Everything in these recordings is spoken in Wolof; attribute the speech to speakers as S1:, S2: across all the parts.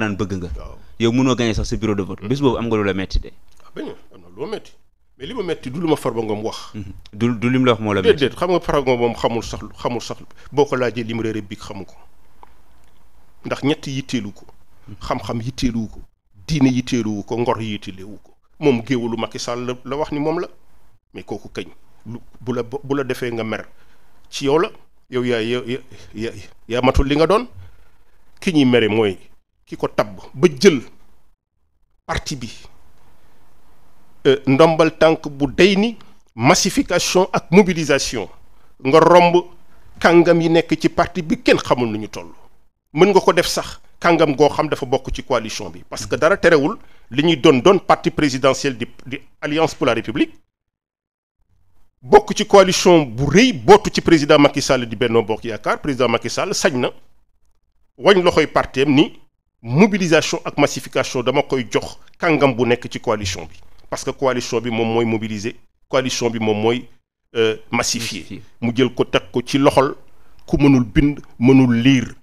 S1: nga naan bëgg nga. yow mënoo gagné sax sa bureau de vote. Mm-hmm. bis boobu am nga lu la metti de.
S2: Ah, am na lu ma metti mais li ma metti du lu ma Farba Ngom wax. Mm-hmm. du du lim la wax moo la. metti xam nga Farba moom xamul sax xamul sax boo ko laajee lim réere bi xamu ko ndax ñett yitteelu ko. Mm-hmm. xam ko. diine yitteelu ko ngor yitteelu ko. moom géewalu Macky Sall la la wax ni moom la mais kooku kañ bu la bu la defee nga mer ci yow la yow yaa yaa yaa matul li nga doon ki ñuy mere mooy ki ko tabb ba jël parti bi euh, ndombal tànk bu day ni massification ak mobilisation nga romb kàngam yi nekk ci parti bi kenn xamul nu ñu toll mën nga ko def sax kàngam goo xam dafa bokk ci coalition bi parce que dara terewul li ñuy doon doon parti présidentiel di di alliance pour la république bokk ci coalition bu rëy bootu ci président Macky Sall di Benno Bokk Yaakaar président Macky Sall sañ na wañ loxoy parti ni mobilisation ak massification dama koy jox kàngam bu nekk ci coalition bi parce que coalition bi moom mooy mobiliser coalition bi moom mooy euh, massifier mu jël ko teg ko ci loxol ku mënul bind mënul liir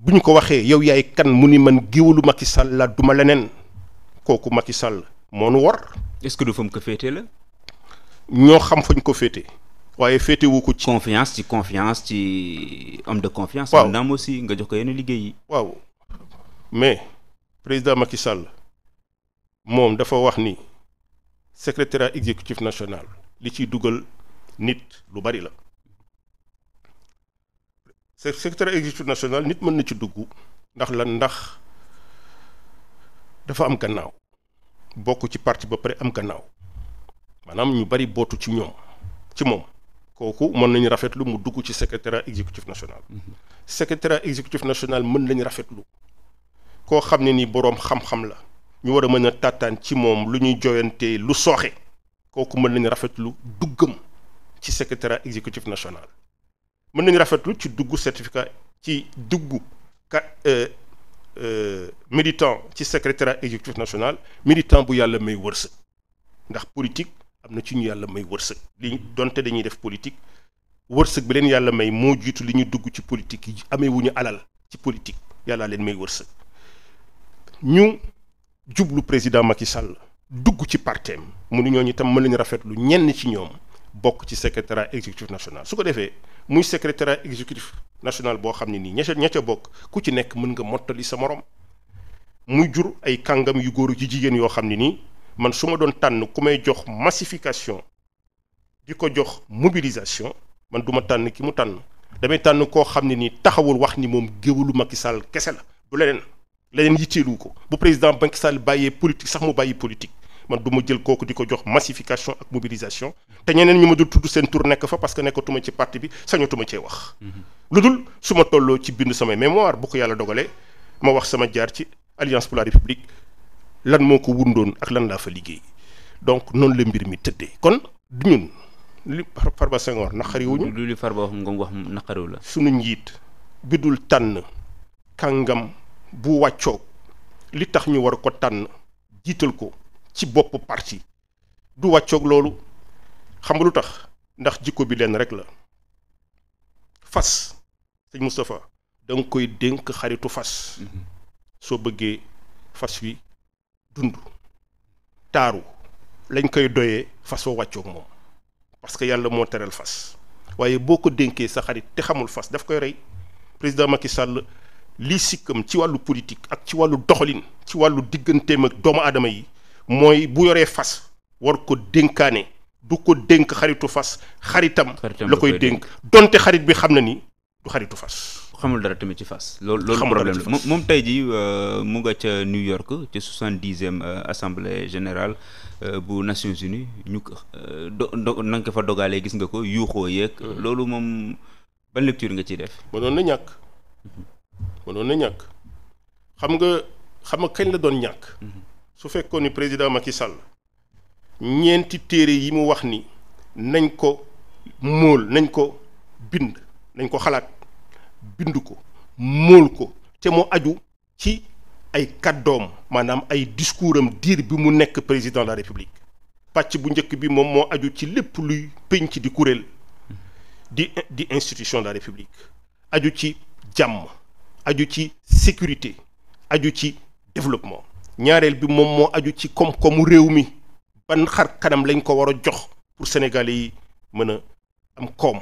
S2: bu ñu ko waxee yow yaay kan mu ni man géwalu Macky Sall la duma leneen kooku Macky Sall moo war. est-ce que du fa mu ko féete la. ñoo xam fañ ko féete. waaye féetewu ko ci. confiance ci
S1: confiance ci homme de confiance. waaw am aussi nga jox ko yenn liggéey yi.
S2: mais président Macky Sall moom dafa wax ni secrétariat exécutif national li ciy dugal nit lu bari la secrétariat exécutif national nit mën na ci dugg ndax lan ndax dafa am gannaaw bokk ci parti ba pare am gannaaw maanaam ñu bari bootu ci ñoom ci moom kooku mën nañu rafetlu mu dugg ci secrétariat exécutif national mm-hmm. secrétariat exécutif national mën nañu rafetlu koo xam ne ni boroom xam-xam la ñu war a mën a tàttaan ci moom lu ñuy joyante lu sooxe kooku mën nañu rafetlu duggam ci secrétariat exécutif national mën nañu rafetlu ci dugg certificat ci dugg ka euh, euh, militant ci secrétariat exécutif national militant bu yàlla may wërsëg ndax politique am na ci ñu yàlla may wërsëg li donte dañuy def politique wërsëg bi leen yàlla may moo jiitu li ñu dugg ci politique yi amee wu ñu alal ci politique yàllaa leen may wërsëg ñu jublu président Macky Sall dugg ci parteem mu ni ñooñu itam mën nañu rafetlu ñenn ci ñoom bokk ci secrétariat exécutif national su ko defee muy secrétariat exécutif national boo xam ne nii ña ca bokk ku ci nekk mën nga mottali sa morom muy jur ay kàngam yu góor ci jigéen yoo xam ne nii man su ma doon tànn ku may jox massification di ko jox mobilisation man du ma tànn ki mu tànn damay tànn koo xam ne nii taxawul wax ni moom géwalu Macky Sall kese la du leneen yitteelu ko bu président Macky Sall bàyyee politique sax mu bàyyi politique man du ma jël kooku di ko jox massification ak mobilisation te ñeneen ñu ma dul tudd seen tur nekk fa parce que nekkatuma ci parti bi sañatuma cee wax. Mhm. lu dul su ma tolloo ci bind samay mémoire bu ko yàlla dogalee ma wax sama jaar ci alliance pour la république lan moo ko wundoon ak lan laa fa liggéey donc noonu la mbir mi tëddee kon du ñun li Farba Senghor naqariwuñu. lu li Farba wax nga wax naqariw la. sunu njiit bi dul tànn kàngam. bu wàccoog li tax ñu war a ko tànn jiital ko ci bopp parti du wàccoog loolu xam lu tax ndax jikko bi leen rek la fas sëñ Moustapha da nga koy dénk xaritu fas soo bëggee fas wi dund taaru lañ koy doyee fas wàccook moom parce que yàlla moo teral fas waaye boo ko dénkee sa xarit te xamul fas daf koy rey président Macky Sall lii sikkam ci wàllu politique ak ci wàllu doxalin ci wàllu digganteem ak doomu aadama yi mooy bu yoree fas war ko dénkaane du ko dénk xaritu fas xaritam la koy dénk donte xarit bi xam na ni du xaritu fas xamul dara tamit ci fas loolu loolu problème la moom tey ji
S1: euh, mu nga ca New York ci soixante-dixième euh, assemblée générale euh, bu Nations Unies ñu do do na nga fa dogalee gis nga ko yuuxoo yeeg mm-hmm. loolu moom ban lecture nga ciy def
S2: mënoon na ñàkk mm-hmm. mënoon na ñàkk xam nga xam nga kañ la doon ñàkk. Mhm. su fekkoon ni président Macky Sall ñeenti téere yi mu wax ni nañ ko móol nañ ko bind nañ ko xalaat bind ko móol ko te mu aju ci ay kàddoom maanaam ay discours am diir bi mu nekk président la république pàcc bu njëkk bi moom moo aju ci lépp luy pénc di kuréel mhm. di di institution de la république aju ci jàmm aju ci sécurité aju ci développement ñaareel bi moom moo aju ci koom réew mi ban xar kanam lañ ko war a jox pour sénégalais yi mën a am koom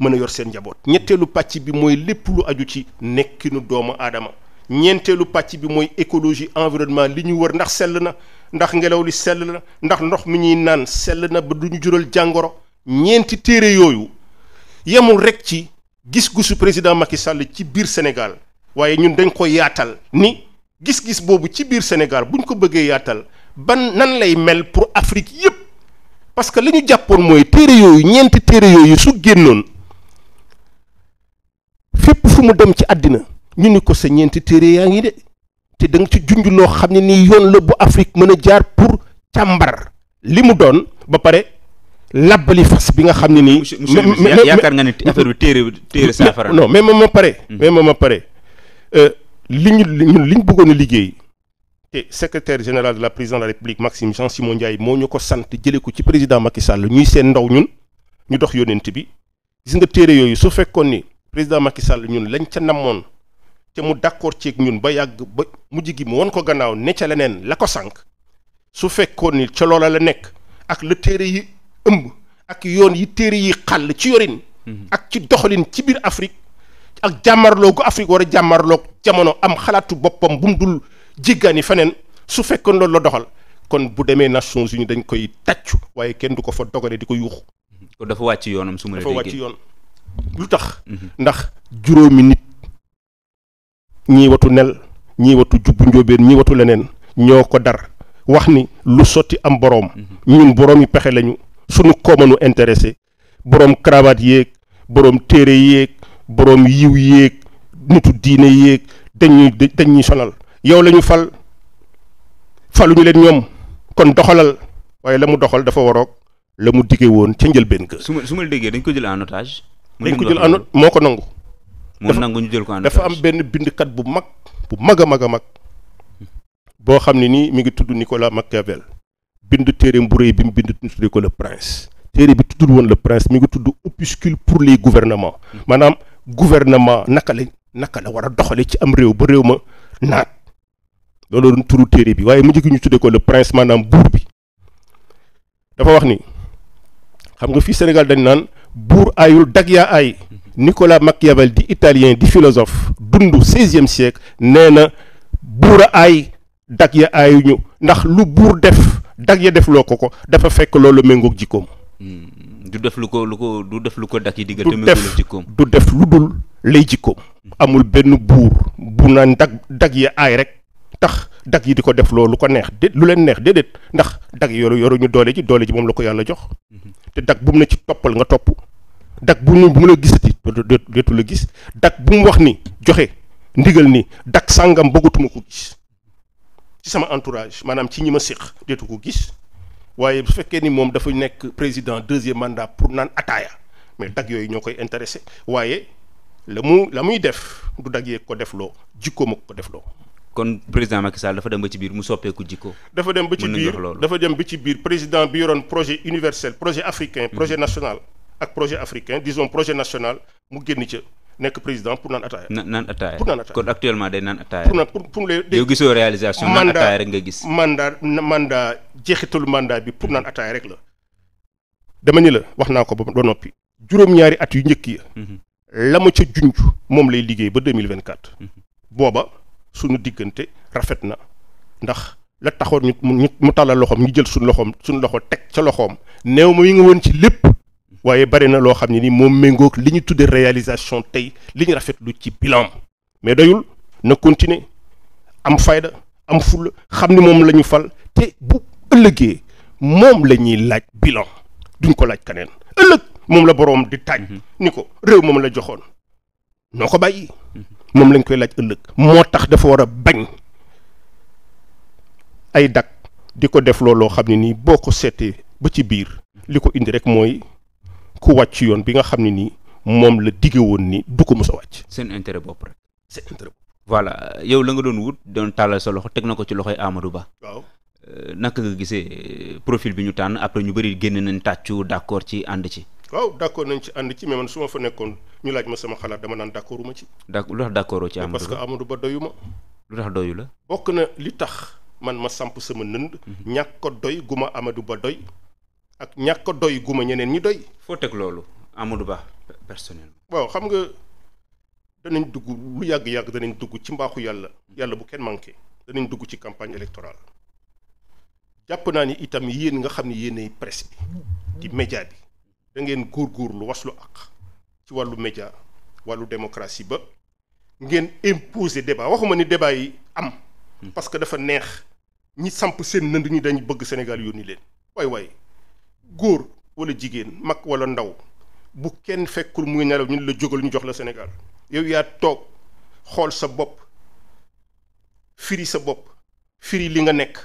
S2: mën a yor seen njaboot ñetteelu pàcc bi mooy lépp lu aju ci nekkinu doomu aadama ñeenteelu pàcc bi mooy écologie environnement li ñu wër ndax sell na ndax ngelaw li sell na ndax ndox mi ñuy naan sell na ba du jural jàngoro ñeenti téere yooyu yemul rek ci gis-gisu président Macky Sall ci biir senegal waaye ñun dañ ko yaatal ni gis-gis boobu ci biir Sénégal buñ ko bëggee yaatal ban nan lay mel pour Afrique yépp parce que li ñu jàppoon mooy téere yooyu ñeenti téere yooyu su génnoon fépp fu mu dem ci àddina ñu ni ko sa ñeenti téere yaa ngi de te da nga ci junj loo xam ne nii yoon la bu Afrique mën a jaar pour càmbar li mu doon ba pare labbali fas bi nga xam ne nii. monsieur yaakaar nga ne affaire bi téere téere saafara. non mais moom ma pare. Hmm. mais moom ma pare euh, li ñu ñun li ñu bëggoon a liggéey. te secrétaire général la présidente de la république Maxime Jean Simon moo ñu ko sant jëlee ko ci président Macky Sall ñuy seen ndaw ñun ñu dox yónent bi gis nga téere yooyu su fekkoon ni président Macky Sall ñun lañ ca namoon te mu d'accord ceeg ñun ba yàgg ba mujj gi mu won ko gannaaw ne ca leneen la ko sànq su fekkoon ni ca loola la nekk ak la téere yi. ëmb ak yoon yi téere yi xàll ci yorin mhm. ak ci doxalin ci biir Afrique ak jàmmarloo gu Afrique war a jàmmarloo jamono am xalaatu boppam bu mu dul jéggaani feneen su fekkoon loolu la doxal kon bu demee Nations Unies dañ koy tàccu waaye kenn du ko fa dogale di ko yuuxu. kon dafa wàcc yoonam su ma yoon lu tax. Mhm. ndax juróomi nit ñi watu nel ñii watu jubbu njóobeen ñii watu leneen ñoo ko dar wax ni lu sotti am boroom. Mhm. ñun boroomi pexe lañu. sunu kooma nu intéressé boroom cravate yéeg boroom téere yéeg boroom yiw yéeg nitu diine yéeg dañuy dañuy sonal yow lañu fal faluñu leen ñoom kon doxalal waaye la mu doxal dafa waroog la mu diggee woon ca njëlbeen ga.
S1: su ma su ma déggee dañ ko jël en dañ ko jël en moo ko nangu.
S2: moo nangu ñu jël ko en dafa am benn bindkat bu mag bu mag a mag a mag hmm. boo xam ne nii mi ngi tudd Nicolas Machiavel. bind téereem bu rëy bi mu bind tuddee ko le prince téere bi tuddul woon le prince mi ngi tudd opuscule pour les gouvernements maanaam gouvernement naka la naka la war a doxale ci am réew ba réew ma naat loolu doon turu téere bi waaye mu njëkk ñu tuddee ko le prince maanaam buur bi dafa wax ni xam nga fii Sénégal dañ naan buur aayul dag yaa aay Nicolas Machiavel di italien di philosophe dund 16e siècle nee na buur a aay dag ndax lu buur def dag ya def ko ko dafa fekk loolu méngoog jikkoom. Hmm.
S1: du def lu ko lu ko du def ko dag yi diggante méngoog jikkoom du
S2: def lu dul lay jikkoom. amul benn buur bu naan dag dag ya aay rek tax dag yi di ko def loolu ko neex dé lu leen neex déedéet ndax dag yoru yoru ñu doole ji doole ji moom la ko yàlla jox. Hmm. te dag bu mu ne ci toppal nga topp. dag bu mu bu mu la gisati dootu la gis dag bu mu wax ni joxe ndigal ni dag sàngam bëggatuma ko gis. ci sama entourage maanaam ci ñi ma séq deetu ko gis waaye bu fekkee ni moom dafa nekk président deuxième mandat pour naan ataaya mais dag yooyu ñoo koy intéressé waaye la mu la muy def du dag yee ko def loo jikkoo ma ko def loo
S1: kon président Macky Sall dafa dem ba ci biir mu soppeeku jikko dafa dem ba ci biir
S2: dafa dem ba ci biir président bi yoroon projet universel projet africain projet mhm. national ak projet africain disons projet national mu génn ca nekk président pour naan ataaya.
S1: na naan ataaya pour naan ataaya kon actuellement day naan ataaya. pour naan pour pour les. yow gisoo réalisation naan ataaya rek nga gis.
S2: mandat mandat jeexitalu mandat bi pour naan ataaya rek la. dama ñu la wax naa ko ba mu noppi. juróom-ñaari at yu njëkk yi. Mhm. la ma ca junj moom lay liggéey ba deux mille vingt quatre. Mhm. booba suñu diggante rafet na ndax. la taxoon ñu mu mu tàllal loxoom ñu jël suñ loxoom suñu loxo teg ca loxoom néew ma yi nga woon ci lépp waaye bari na loo xam ne ni moom méngook li ñu tudde réalisation tey li ñu rafetlu ci bilan mais doyul na continuer am fayda am fulla xam ni moom la ñu fal te bu ëllëgee moom la ñuy laaj bilan duñ ko laaj keneen ëllëg moom la boroom di taaj mhm. ni ko réew moom la joxoon noo ko bàyyi mhm. moom lañ koy laaj ëllëg moo tax dafa war a bañ ay dak di ko def looloo xam ne nii boo ko seetee ba ci biir li ko indi rek mooy ku wàcc yoon bi nga xam ne nii moom la digge woon ni du ko mës a wàcc.
S1: seen intérêt bopp rek. seen intérêt bopp. voilà yow la nga doon wut doon tàllal sa loxo teg na ko ci loxoy Amadou Ba. waaw euh, naka nga gisee euh, profil bi ñu tànn après ñu bëri génn nañ tàccu d' accord ci ànd ci.
S2: waaw d' accord ci ànd ci mais man su ma fa nekkoon ñu laaj ma sama xalaat dama naan d' accordu ma ci.
S1: d' accord lu tax d' ci Amadou Ba parce que Amadou Ba doyu ma. lu tax doyu la.
S2: bokk na li tax man ma samp sama nënd. Mhm. ñàkk ko doy gu ma Amadou Ba doy. ak ñàkk doy gu ma ñeneen ñi doy. foo teg loolu Amadou Ba personnellement. waaw xam nga danañ dugg lu yàgg yàgg danañ dugg ci mbaaxu yàlla yàlla bu kenn manqué danañ dugg ci campagne électorale jàpp naa ni itam yéen nga xam ni yéenay presse bi di média bi da ngeen góorgóorlu waslu ak ci wàllu média wàllu démocratie ba ngeen imposer débat waxuma ni débat yi am. Hmm. parce que dafa neex ñi samp seen nënd ñi dañ bëgg Sénégal yónni leen waay waay. góor wala jigéen mag wala ndaw bu kenn fekkul mu ngi nelaw ñun la jógal ñu jox la senegaal yow yaa toog xool sa bopp firi sa bopp firi li nga nekk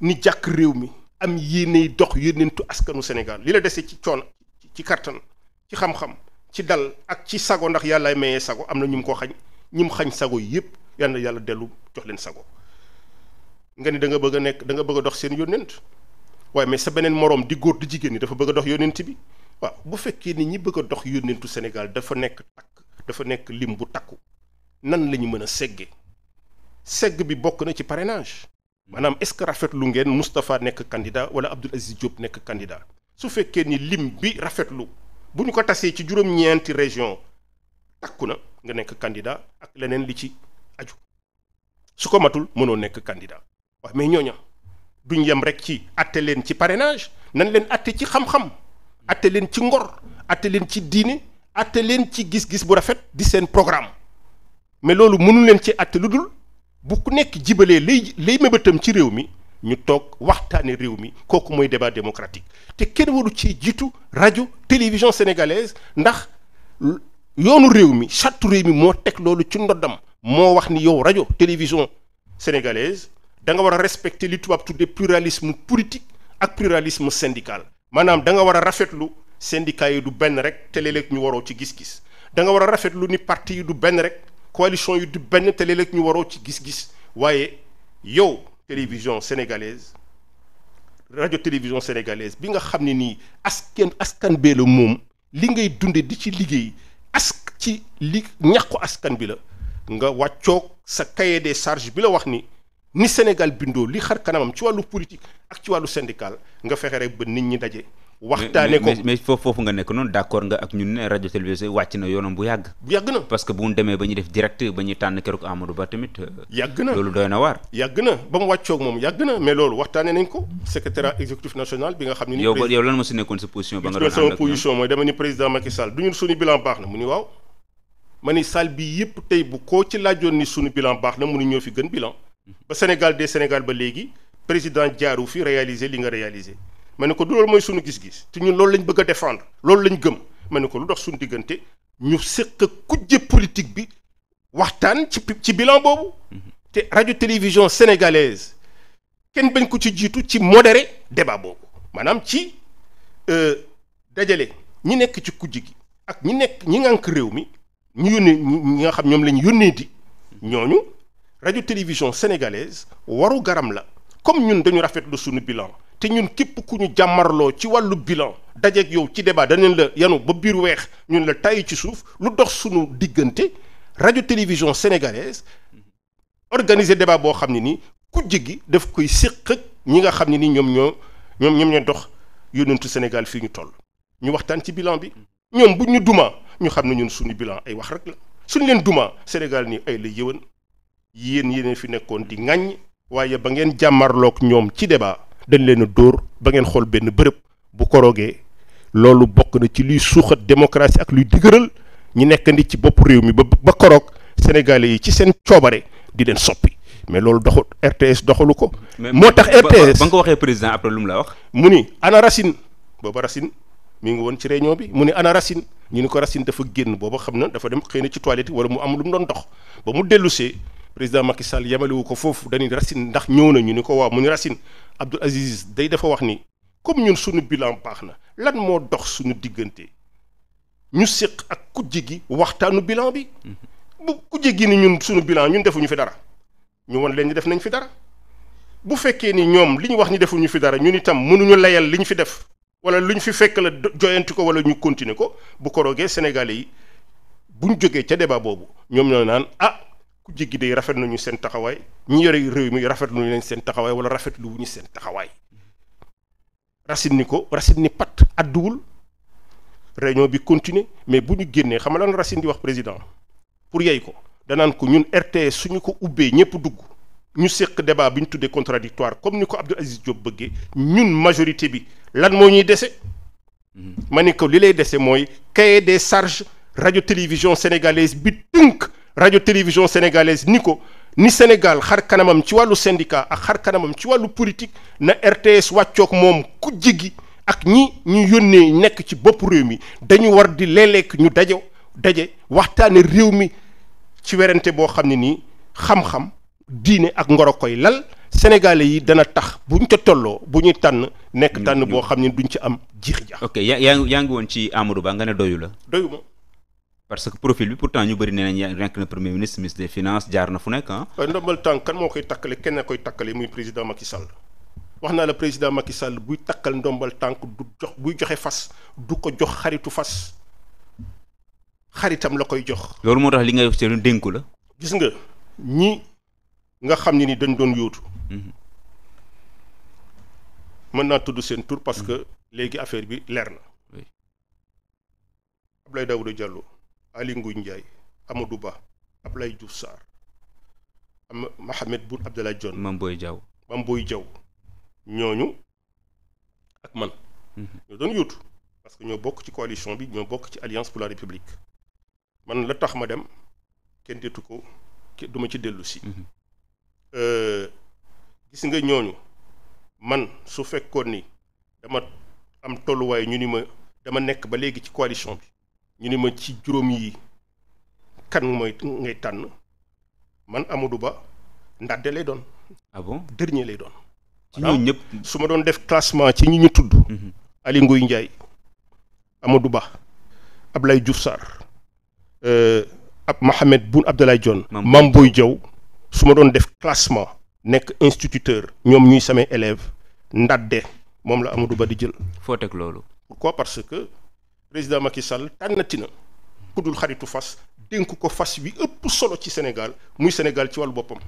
S2: ni jàkk réew mi am yéeney dox yéenentu askanu Sénégal li la desee ci coon ci kattan ci xam-xam ci dal ak ci sago ndax yàllaay mayee sago am na ñu ko xañ ñi xañ sago yépp yal na yàlla dellu jox leen sago nga ne danga nga bëgg nekk da nga bëgg dox seen yónnent waaye mais sa beneen moroom di góor di jigéen ñi dafa bëgg a dox yónent bi waaw bu fekkee ni ñi bëgg a dox yónentu senegal dafa nekk takk dafa nekk lim bu takku nan lañu ñu mën a seggee segg bi bokk na ci parrainage maanaam est-ce que rafetlu ngeen Moustapha nekk candidat wala Abdoul Aziz Diop nekk candidat su fekkee ni lim bi rafetlu bu ñu ko tasee ci juróom-ñeenti région takku na nga nekk candidat ak leneen li ci aju su ko matul mënoo nekk candidat waaw mais ñu yem rek ci atte leen ci parrainage nan leen atte ci xam-xam atte leen ci ngor atte leen ci diine atte leen ci gis-gis bu rafet di seen programme mais loolu mënu leen ci atte lu dul bu ku nekk jibalee lay lay mébétam ci réew mi ñu toog waxtaane réew mi kooku mooy débat démocratique te kenn waru ci jiitu rajo télévision sénégalaise ndax yoonu réew mi charte réew mi moo teg loolu ci ndoddam moo wax ni yow rajo télévision sénégalaise da nga war a respecter li tubaab tudde pluralisme politique ak pluralisme syndical maanaam danga nga war a rafetlu syndicat yi du benn rek te léeg-léeg ñu waroo ci gis-gis da nga war a rafetlu ni parti yi du benn rek coalition yi du benn te léeg-léeg ñu waroo ci gis-gis waaye yow télévision sénégalaise radio télévision sénégalaise bi nga xam ne nii askan askan bee la moom li ngay dunde di ci liggéey as ci li ñàkku askan bi la nga wàccoog sa cahier des charges bi la wax ni ni Sénégal bindoo li xar kanamam ci wàllu politique ak ci wàllu syndical nga fexe rek ba nit ñi daje. waxtaanee ko mais
S1: foofu nga nekk noonu d' accord nga ak ñun ne rajo télévisée wàcc na yoonam bu yàgg. yàgg na parce que bu ñu demee ba ñuy def direct ba ñuy tànn keroog Amadou Ba tamit. Euh, yàgg na loolu doy na waar.
S2: yàgg na ba mu wàccoog moom yàgg na mais loolu waxtaanee nañ ko secrétaire exécutif national bi nga xam ne. yow yow
S1: lan ma si nekkoon sa position. ba nga doon sama position
S2: mooy ni président Macky Sall du ñun bi yëpp tey bu koo ci laajoon ni suñu bilan baax na mu ni fi gën bilan ba Sénégal de Sénégal ba léegi président jaaru fi réaliser li nga réaliser ma ne ko du loolu mooy sunu gis-gis te ñun loolu lañ bëgg a défendre loolu lañu gëm ma ne ko lu dox suñu diggante ñu séq kujje politique bi waxtaan ci ci bilan boobu te rajo télévision sénégalaise kenn bañ ko ci jiitu ci modéré débat boobu maanaam ci euh, dajale ñi nekk ci kujje gi ak ñi nekk ñi ngànk réew mi ñu yónnee ñi nga xam ñoom la ñu yónnee di ñooñu rajo télévision sénégalaise waru garam la comme ñun dañu rafetlu suñu bilan te ñun képp ku ñu jàmmarloo ci wàllu bilan dajeeg yow ci débat danañ la yanu ba biir weex ñun la tàyyi ci suuf lu dox suñu diggante rajo télévision sénégalaise organiser débat boo xam ne ni kujje gi daf koy séq ñi nga xam ne ni ñoom ñoo ñoom ñoom ñoo dox yónnentu Sénégal fii ñu toll ñu waxtaan ci bilan bi ñoom buñ ñu duma ñu xam ne ñun suñu bilan ay wax rek la suñ leen dumaa Sénégal nii ay la yéen yéen fi nekkoon di ŋaññ waaye ba ngeen jàmmarloog ñoom ci debaa dañ leen a dóor ba ngeen xool benn bërëb bu koroogee loolu bokk na ci luy suuxat démocratie ak luy dëgëral ñi nekkandi ci bopp réew mi ba ba koroog sénégalais yi ci seen coobare di leen soppi mais loolu doxul RTS doxalu ko. moo tax RTS ba ko waxee président après lu mu la wax. mu ni ana Racine booba Racine mi ngi woon ci réunion bi mu ni ana Racine ñu ni ko Racine dafa génn booba xam na dafa dem xëy na ci toilette wala mu am lu mu doon dox ba mu dellusee président Macky Sall yemalewu ko foofu dañuy rasin ndax ñëw nañu ni ko waaw mu ni Racine Abdoul Aziz day dafa wax ni comme ñun suñu bilan baax na lan moo dox suñu diggante ñu séq ak kujje gi waxtaanu bilan bi bu kujje gi ni ñun suñu bilan ñun defuñu fi dara ñu won leen ñu def nañ fi dara bu fekkee ni ñoom li ñu wax ñu defuñu fi dara ñun itam mënuñu layal li ñu fi def wala lu ñu fi fekk la joyanti ko wala ñu continuer ko bu ko roogee sénégalais yi buñ jógee ca boobu ñoom ñoo naan ah, ku jéggi day rafet nañu seen taxawaay ñi yore réew mi rafet nañu leen seen taxawaay wala rafet lu ñu seen taxawaay Racine ni ko Racine ni pat àdduwul réunion bi continuer mais bu ñu génnee xam lan Racine di wax président pour yey ko danaan ko ñun RTS suñu ko ubbee ñëpp dugg ñu séq débat bi ñu tuddee contradictoire comme ni ko Abdou Aziz Diop bëggee ñun majorité bi lan moo ñuy dese mm-hmm. ma ni ko li lay dese mooy cahier des charges radio télévision sénégalaise bi tënk rajo télévision sénégalaise ni ko ni Sénégal xar kanamam ci wàllu syndicat ak xar kanamam ci wàllu politique na RTS wàccoog moom ku jigi ak ñi ñu yónnee nekk ci bopp réew mi dañu war di léeg lekk ñu daje daje waxtaane réew mi ci werante boo xam ne nii xam-xam diine ak ngoro koy lal sénégalais yi dana tax buñ ca tolloo bu ñuy tànn nekk tànn boo xam ne duñ ci am
S1: jiixi jaax ok yaa yaa ngi woon ci Amadou baa nga ne doyu la doyu ma parce que profil bi pourtant ñu bëri nee nañ nekk na premier ministre ministre des finances jaar na fu nekk ah.
S2: ndombal tànk kan moo koy takkale kenn koy takkale muy président Macky Sall wax naa la président Macky Sall buy takkal ndombal tànk du jox buy joxe fas du ko jox xaritu fas xaritam la koy jox.
S1: loolu moo tax li ngay wax ci dénku la.
S2: gis nga ñi nga xam ne ni dañ doon yóotu. Mhm. mën naa tudd seen tour parce que mhm. léegi affaire bi leer na. Abdoulaye Daouda Diallo. Aly Ngouille Ndiaye Amadou Ba Abdoulaye Diouf Sarr am Mahammed Boun Abdallah Dionne Mame Boye Diao Mame Boye Diao ñooñu ak man mhm. ñoo doon yóotu parce que ñoo bokk ci coalition bi ñoo bokk ci alliance pour la république man la tax ma dem kenn deetu ko duma ci dellusi si mhm. euh, gis nga ñooñu man su fekkoon ni dama am tolluwaay ñu ni ma dama nekk ba léegi ci coalition bi ñu ni ma ci juróom yi kan mooy ngay tànn man Amadou Ba ndàdde lay doon. ah bon lay doon. ci ñëpp su ma doon def classement ci ñi ñu tudd. Mhm. Ali Nguy Ndiaye Amadou Ba Ablaye Diouf Sarr euh, ab Mohamed Boun Abdallah Dionne. Mame buy Diao su ma doon def classement. nekk instituteur ñoom ñuy samay élève ndàdde moom la Amadou di jël. foo teg président Macky Sall tànnati na ku dul xaritu fas dénk ko fas wi ëpp solo ci Sénégal muy Sénégal ci wàllu boppam.